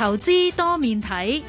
投資多面睇，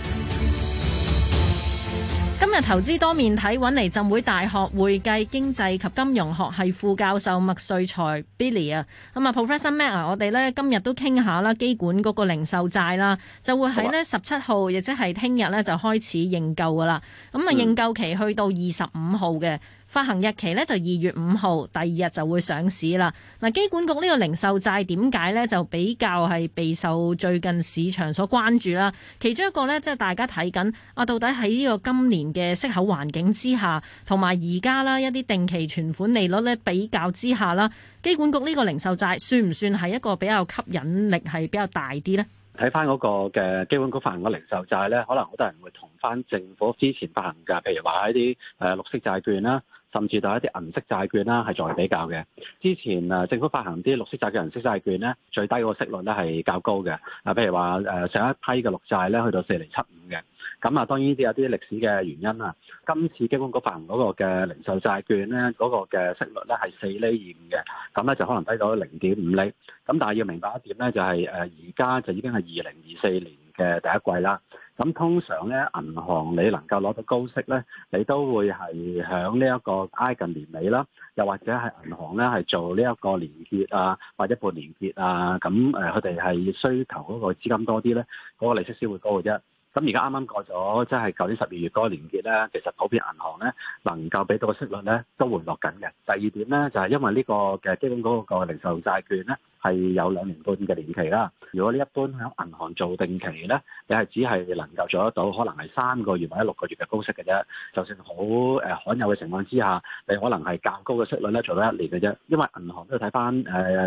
今日投資多面睇揾嚟浸會大學會計經濟及金融學系副教授麥瑞才 Billy 啊，咁、嗯、啊 Professor Mac 啊，我哋咧今日都傾下啦，機管嗰個零售債啦，就會喺呢十七號，亦即係聽日咧就開始認購噶啦，咁、嗯、啊、嗯、認購期去到二十五號嘅。發行日期呢，就二月五號，第二日就會上市啦。嗱，機管局呢個零售債點解呢？就比較係備受最近市場所關注啦。其中一個呢，即係大家睇緊啊，到底喺呢個今年嘅息口環境之下，同埋而家啦一啲定期存款利率咧比較之下啦，機管局呢個零售債算唔算係一個比較吸引力係比較大啲呢？睇翻嗰個嘅機管局發行嘅零售債呢，可能好多人會同翻政府之前發行嘅，譬如話一啲誒綠色債券啦。甚至到一啲銀色債券啦，係作為比較嘅。之前誒、啊、政府發行啲綠色債券、銀色債券咧，最低個息率咧係較高嘅。啊，譬如話誒、啊、上一批嘅綠債咧，去到四厘七五嘅。咁啊，當然呢啲有啲歷史嘅原因啊。今次機管局發行嗰個嘅零售債券咧，嗰、那個嘅息率咧係四厘二五嘅。咁咧、啊、就可能低咗零點五厘。咁、啊、但係要明白一點咧、就是，就係誒而家就已經係二零二四年嘅第一季啦。咁通常咧，銀行你能夠攞到高息咧，你都會係響呢一個挨近年尾啦，又或者係銀行咧係做呢一個年結啊，或者半年結啊，咁誒佢哋係需求嗰個資金多啲咧，嗰、嗰個利息先會高嘅啫。咁而家啱啱過咗，即係舊年十二月嗰個年結咧，其實普遍銀行咧能夠俾到嘅息率咧都回落緊嘅。第二點咧就係、係、因為呢個嘅基本嗰個零售債券咧。係有兩年半嘅年期啦。如果你一般喺銀行做定期咧，你係只係能夠做得到，可能係三個月或者六個月嘅高息嘅啫。就算好誒罕有嘅情況之下，你可能係較高嘅息率咧，做咗一年嘅啫。因為銀行都睇翻誒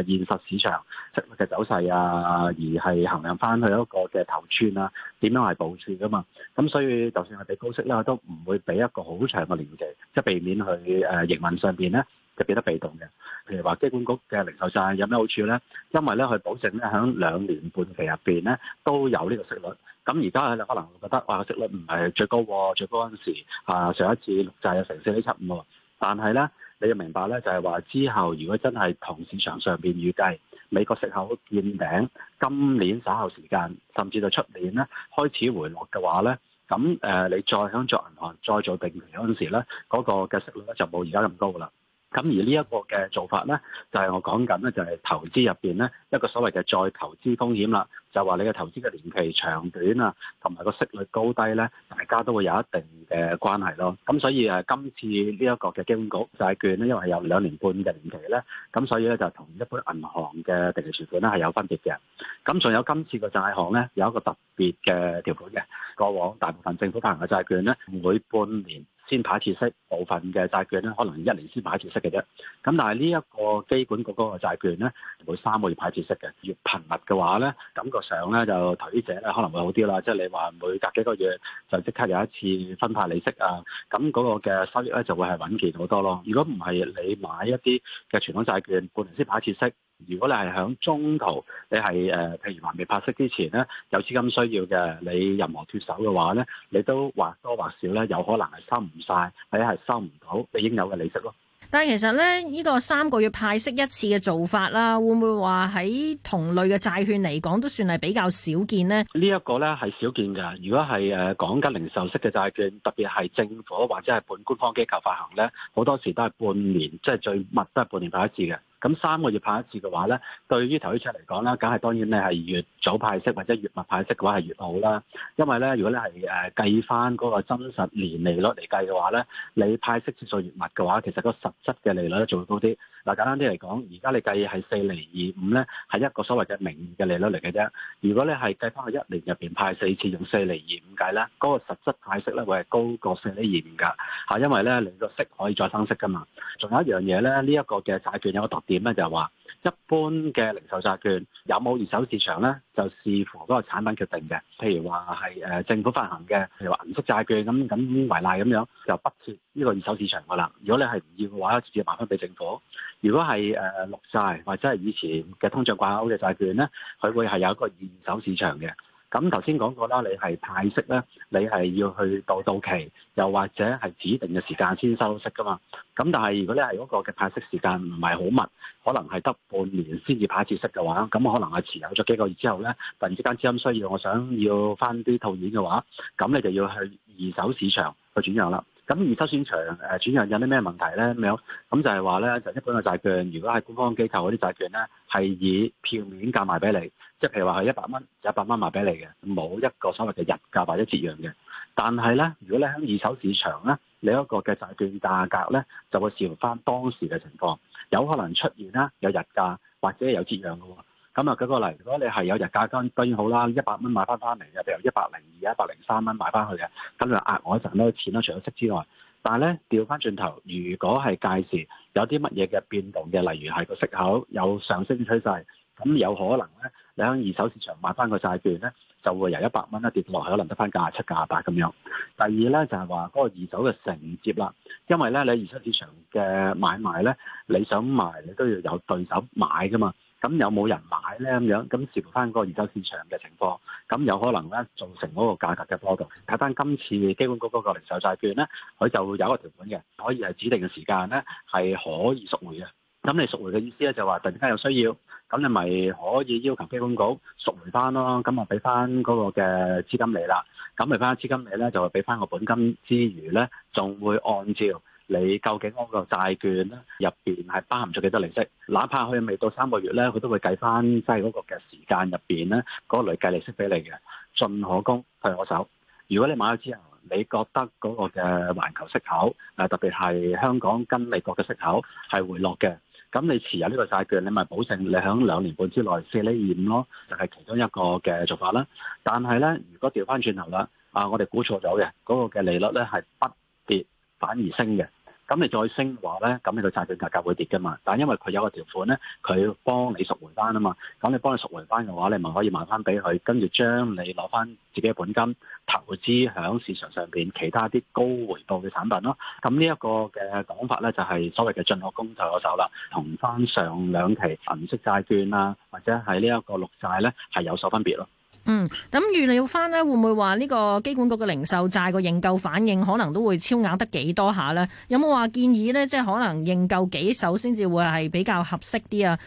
現實市場息率嘅走勢啊，而係衡量翻佢一個嘅頭寸啊，點樣係保寸噶嘛。咁所以就算係俾高息啦，都唔會俾一個好長嘅年期，即係避免佢誒營運上邊咧。就變得被動嘅，譬如話機管局嘅零售債有咩好處咧？因為咧佢保證咧喺兩年半期入邊咧都有呢個息率。咁而家咧可能覺得哇息率唔係最高喎，最高嗰陣時啊上一次綠債有成四點七五喎。但係咧你要明白咧就係、是、話之後如果真係同市場上邊預計美國息口見頂，今年稍後時間甚至到出年咧開始回落嘅話咧，咁誒、呃、你再響作銀行再做定期嗰陣時咧，嗰、那個嘅息率咧就冇而家咁高噶啦。咁而呢一個嘅做法呢，就係我講緊呢，就係投資入邊呢，一個所謂嘅再投資風險啦。就話你嘅投資嘅年期長短啊，同埋個息率高低呢，大家都會有一定嘅關係咯。咁所以誒，今次呢一個嘅機管局債券呢，因為係有兩年半嘅年期呢，咁所以呢，就同一般銀行嘅定期存款呢係有分別嘅。咁仲有今次嘅債項呢，有一個特別嘅條款嘅。過往大部分政府發行嘅債券呢，每半年，先派一次息，部分嘅債券咧，可能一年先派一次息嘅啫。咁但係呢一個基本嗰個債券咧，每三個月派一次息嘅。越頻密嘅話咧，感覺上咧就投資者咧可能會好啲啦。即係你話每隔幾個月就即刻有一次分派利息啊，咁嗰個嘅收益咧就會係穩健好多咯。如果唔係你買一啲嘅傳統債券，半年先派一次息。如果你係喺中途，你係誒、呃，譬如還未派息之前咧，有資金需要嘅，你任何脫手嘅話咧，你都或多或少咧，有可能係收唔晒，或者係收唔到你應有嘅利息咯。但係其實咧，呢、這個三個月派息一次嘅做法啦，會唔會話喺同類嘅債券嚟講都算係比較少見呢？呢一個咧係少見㗎。如果係誒講緊零售式嘅債券，特別係政府或者係本官方機構發行咧，好多時都係半年，即係最密都係半年派一次嘅。咁三個月派一次嘅話咧，對於投資者嚟講咧，梗係當然咧係越早派息或者越密派息嘅話係越好啦。因為咧，如果咧係誒計翻嗰個真實年利率嚟計嘅話咧，你派息次數越密嘅話，其實個實質嘅利率咧就會高啲。嗱簡單啲嚟講，而家你計係四厘二五咧，係一個所謂嘅名義嘅利率嚟嘅啫。如果你係計翻去一年入邊派四次，用四厘二五計咧，嗰個實質派息咧會係高過四厘二五㗎嚇，因為咧你個息可以再生息㗎嘛。仲有一樣嘢咧，呢一個嘅債券有個特點。點咧就係話，一般嘅零售債券有冇二手市場咧，就視乎嗰個產品決定嘅。譬如話係誒政府發行嘅，譬如銀色債券咁咁為例咁樣，就不設呢個二手市場嘅啦。如果你係唔要嘅話，直接賣翻俾政府。如果係誒綠債或者係以前嘅通脹掛鈎嘅債券咧，佢會係有一個二，二手市場嘅。咁頭先講過啦，你係派息咧，你係要去到到期，又或者係指定嘅時間先收息㗎嘛。咁但係如果你係嗰個嘅派息時間唔係好密，可能係得半年先至派一次息嘅話，咁可能係持有咗幾個月之後咧，突然之間資金需要，我想要返啲套現嘅話，咁你就要去二手市場去轉讓啦。咁二手市場誒，轉讓有啲咩問題咧？咁樣咁就係話咧，就一般嘅債券，如果係官方機構嗰啲債券咧，係以票面價賣俾你，即係譬如話係一百蚊，一百蚊賣俾你嘅，冇一個所謂嘅日價或者折讓嘅。但係咧，如果咧喺二手市場咧，你一個嘅債券價格咧就會視乎翻當時嘅情況，有可能出現啦，有日價或者有折讓嘅。咁啊，舉個例，如果你係有日價跟當然好啦，102, 一百蚊買翻翻嚟嘅，譬如一百零二、一百零三蚊買翻去嘅，咁就額外賺多啲錢咯。除咗息之外，但係咧調翻轉頭，如果係屆時有啲乜嘢嘅變動嘅，例如係個息口有上升趨勢，咁有可能咧，你喺二手市場買翻個債券咧，就會由一百蚊咧跌落去可能得翻九七九八咁樣。第二咧就係話嗰個二手嘅承接啦，因為咧你二手市場嘅買賣咧，你想賣你都要有對手買噶嘛。咁有冇人買呢？咁樣？咁視乎翻嗰個二手市場嘅情況，咁有可能呢造成嗰個價格嘅波動。睇翻今次機管局嗰個零售債券呢，佢就有個條款嘅，可以係指定嘅時間呢係可以贖回嘅。咁你贖回嘅意思呢，就話突然間有需要，咁你咪可以要求機管局贖回翻咯，咁啊俾翻嗰個嘅資金你啦。咁俾翻資金你呢，就係俾翻個本金之餘呢，仲會按照。你究竟嗰個債券咧入邊係包含咗幾多利息？哪怕佢未到三個月咧，佢都會計翻即係嗰個嘅時間入邊咧嗰類計利息俾你嘅。進可攻，退可守。如果你買咗之後，你覺得嗰個嘅環球息口啊，特別係香港跟美國嘅息口係回落嘅，咁你持有呢個債券，你咪保證你喺兩年半之內四釐二五咯，就係、是、其中一個嘅做法啦。但係咧，如果調翻轉頭啦，啊，我哋估錯咗嘅嗰個嘅利率咧係不跌。反而升嘅，咁你再升嘅話咧，咁你個債券價格會跌噶嘛？但係因為佢有個條款咧，佢幫你贖回翻啊嘛，咁你幫你贖回翻嘅話，你咪可以賣翻俾佢，跟住將你攞翻自己嘅本金投資響市場上邊其他啲高回報嘅產品咯。咁呢一個嘅講法咧，就係、是、所謂嘅進有攻就有守啦，同翻上兩期銀色債券啊，或者係呢一個綠債咧，係有所分別咯。嗯，咁預料翻咧，會唔會話呢個機管局嘅零售債個認購反應可能都會超額得幾多下咧？有冇話建議咧，即係可能認購幾手先至會係比較合適啲啊？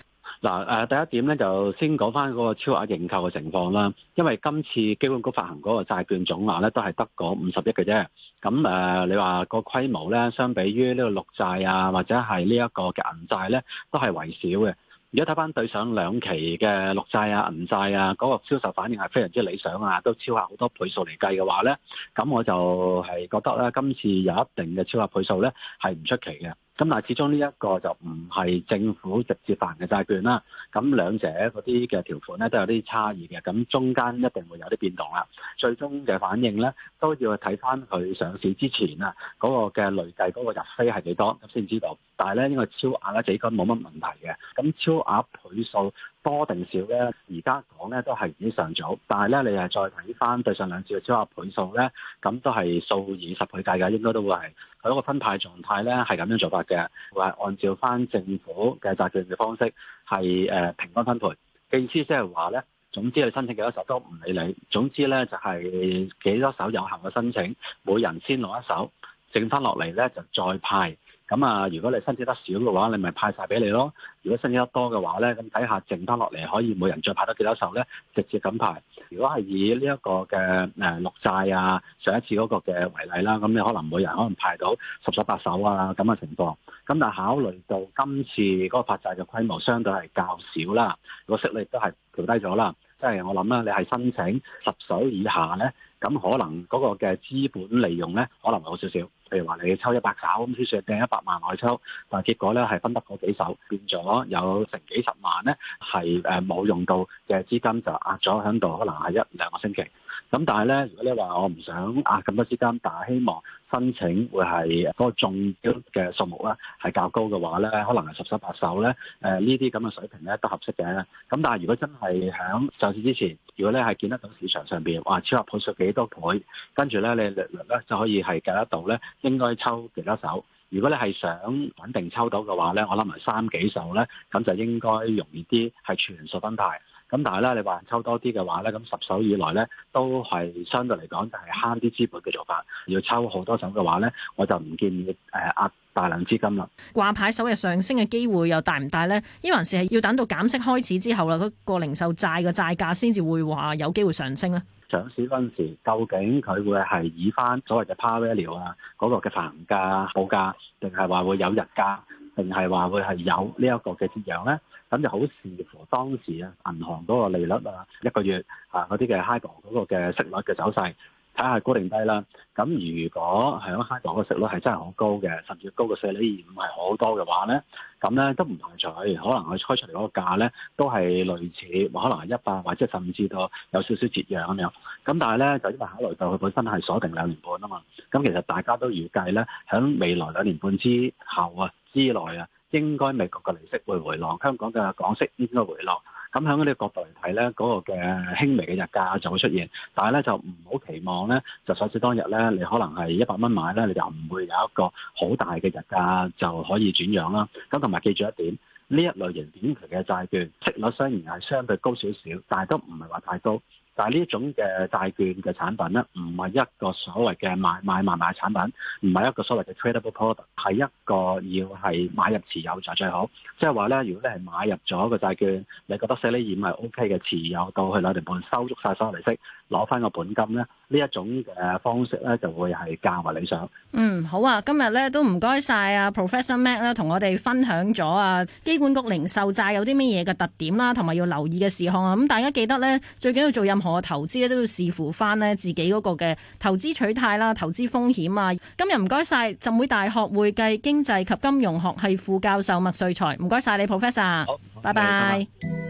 嗱，誒第一點咧，就先講翻嗰個超額認購嘅情況啦。因為今次機管局發行嗰個債券總額咧，都係得嗰五十億嘅啫。咁誒、呃，你話個規模咧，相比於呢個綠債啊，或者係呢一個銀債咧，都係為少嘅。如果睇翻對上兩期嘅綠債啊、銀債啊，嗰、那個銷售反應係非常之理想啊，都超額好多倍數嚟計嘅話咧，咁我就係覺得咧，今次有一定嘅超額倍數咧，係唔出奇嘅。咁嗱，但始終呢一個就唔係政府直接發嘅債券啦，咁兩者嗰啲嘅條款咧都有啲差異嘅，咁中間一定會有啲變動啦。最終嘅反應咧都要去睇翻佢上市之前啊嗰個嘅累計嗰個入飛係幾多，咁先知道。但係咧呢個超額咧就應該冇乜問題嘅，咁超額倍數。多定少咧？而家講咧都係已經上咗，但係咧你係再睇翻對上兩次嘅超額倍數咧，咁都係數以十倍計嘅，應該都會係佢一個分派狀態咧係咁樣做法嘅，會係按照翻政府嘅責任嘅方式係誒、呃、平均分配。意思即係話咧，總之你申請幾多手都唔理你，總之咧就係、是、幾多手有效嘅申請，每人先攞一手，剩翻落嚟咧就再派。咁啊、嗯，如果你申請得少嘅話，你咪派晒俾你咯；如果申請得多嘅話咧，咁睇下剩翻落嚟可以每人再派得幾多手咧，直接咁派。如果係以呢一個嘅誒綠債啊，上一次嗰個嘅為例啦，咁你可能每人可能派到十手八手啊咁嘅情況。咁但考慮到今次嗰個發債嘅規模相對係較少啦，個息率都係調低咗啦，即、就、係、是、我諗啦，你係申請十手以下咧，咁可能嗰個嘅資本利用咧，可能好少少。譬如話你抽一百手咁，通常掟一百萬嚟抽，但係結果咧係分得嗰幾手，變咗有成幾十萬咧係誒冇用到嘅資金就壓咗喺度，可能係一兩個星期。咁但係咧，如果你話我唔想壓咁、啊、多資金，但係希望申請會係嗰、那個中標嘅數目咧係較高嘅話咧，可能係十手八手咧，誒呢啲咁嘅水平咧都合適嘅。咁但係如果真係喺上市之前，如果咧係見得到市場上邊話超額配售幾多倍，跟住咧你利率咧就可以係計得到咧應該抽幾多手。如果你係想穩定抽到嘅話咧，我諗埋三幾手咧，咁就應該容易啲係全數分派。咁但係啦，你話抽多啲嘅話咧，咁十手以內咧都係相對嚟講就係慳啲資本嘅做法。要抽好多手嘅話咧，我就唔建議誒壓、呃、大量資金啦。掛牌首日上升嘅機會又大唔大咧？呢環市係要等到減息開始之後啦，嗰、那個零售債嘅債價先至會話有機會上升咧。上市嗰陣時，究竟佢會係以翻所謂嘅 par value 啊嗰、那個嘅發行價報價，定係話會有日價？定係話會係有呢一個嘅折讓咧，咁就好視乎當時啊銀行嗰個利率啊一個月啊嗰啲嘅 HIBOR 嗰個嘅息率嘅走勢。睇下高定低啦，咁如果喺香港嘅息率係真係好高嘅，甚至高過四厘二五係好多嘅話咧，咁咧都唔排除，可能佢猜出嚟嗰個價咧都係類似，可能係一百或者甚至到有少少折讓咁樣。咁但係咧就因為考慮到佢本身係鎖定兩年半啊嘛，咁其實大家都預計咧喺未來兩年半之後啊之內啊，應該美國嘅利息會回落，香港嘅港息應該會回落。咁喺呢個角度嚟睇咧，嗰、嗰個嘅輕微嘅日價就會出現，但係咧就唔好期望咧，就上市當日咧，你可能係一百蚊買咧，你就唔會有一個好大嘅日價就可以轉讓啦。咁同埋記住一點，呢一類型短期嘅債券息率雖然係相對高少少，但係都唔係話太高。但係呢種嘅債券嘅產品咧，唔係一個所謂嘅買買賣賣產品，唔係一個所謂嘅 tradable product，係一個要係買入持有就最好。即係話咧，如果你係買入咗個債券，你覺得收益率係 OK 嘅，持有到去攞條盤收足晒所有利息，攞翻個本金咧，呢一種嘅方式咧就會係較為理想。嗯，好啊，今日咧都唔該晒啊 Professor Mac 咧，同我哋分享咗啊，機管局零售債有啲咩嘢嘅特點啦、啊，同埋要留意嘅事項啊，咁、嗯、大家記得咧，最緊要做任何我投資咧都要視乎翻咧自己嗰個嘅投資取態啦、投資風險啊。今日唔該晒，浸會大學會計經濟及金融學系副教授麥瑞才，唔該晒你，Professor，好 Bye bye 拜拜。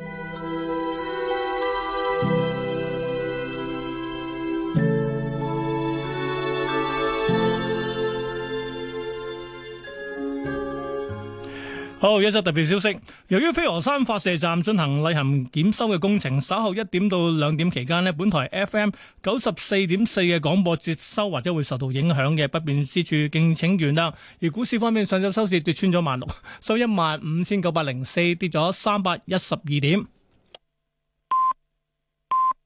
好，一則特別消息。由於飛鵝山發射站進行例行檢修嘅工程，稍後一點到兩點期間呢，本台 FM 九十四點四嘅廣播接收或者會受到影響嘅，不便之處敬請見諒。而股市方面，上晝收市跌穿咗萬六，收一萬五千九百零四，跌咗三百一十二點。